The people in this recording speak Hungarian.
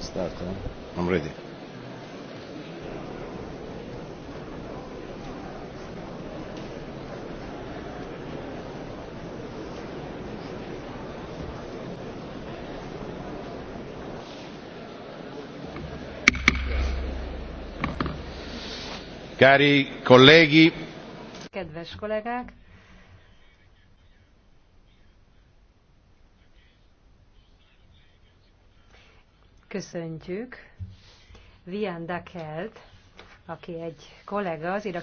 Start, huh? I'm ready. Cari colleghi, kedves kollégák! Köszöntjük Vian Dakelt, aki egy kollega, az iraki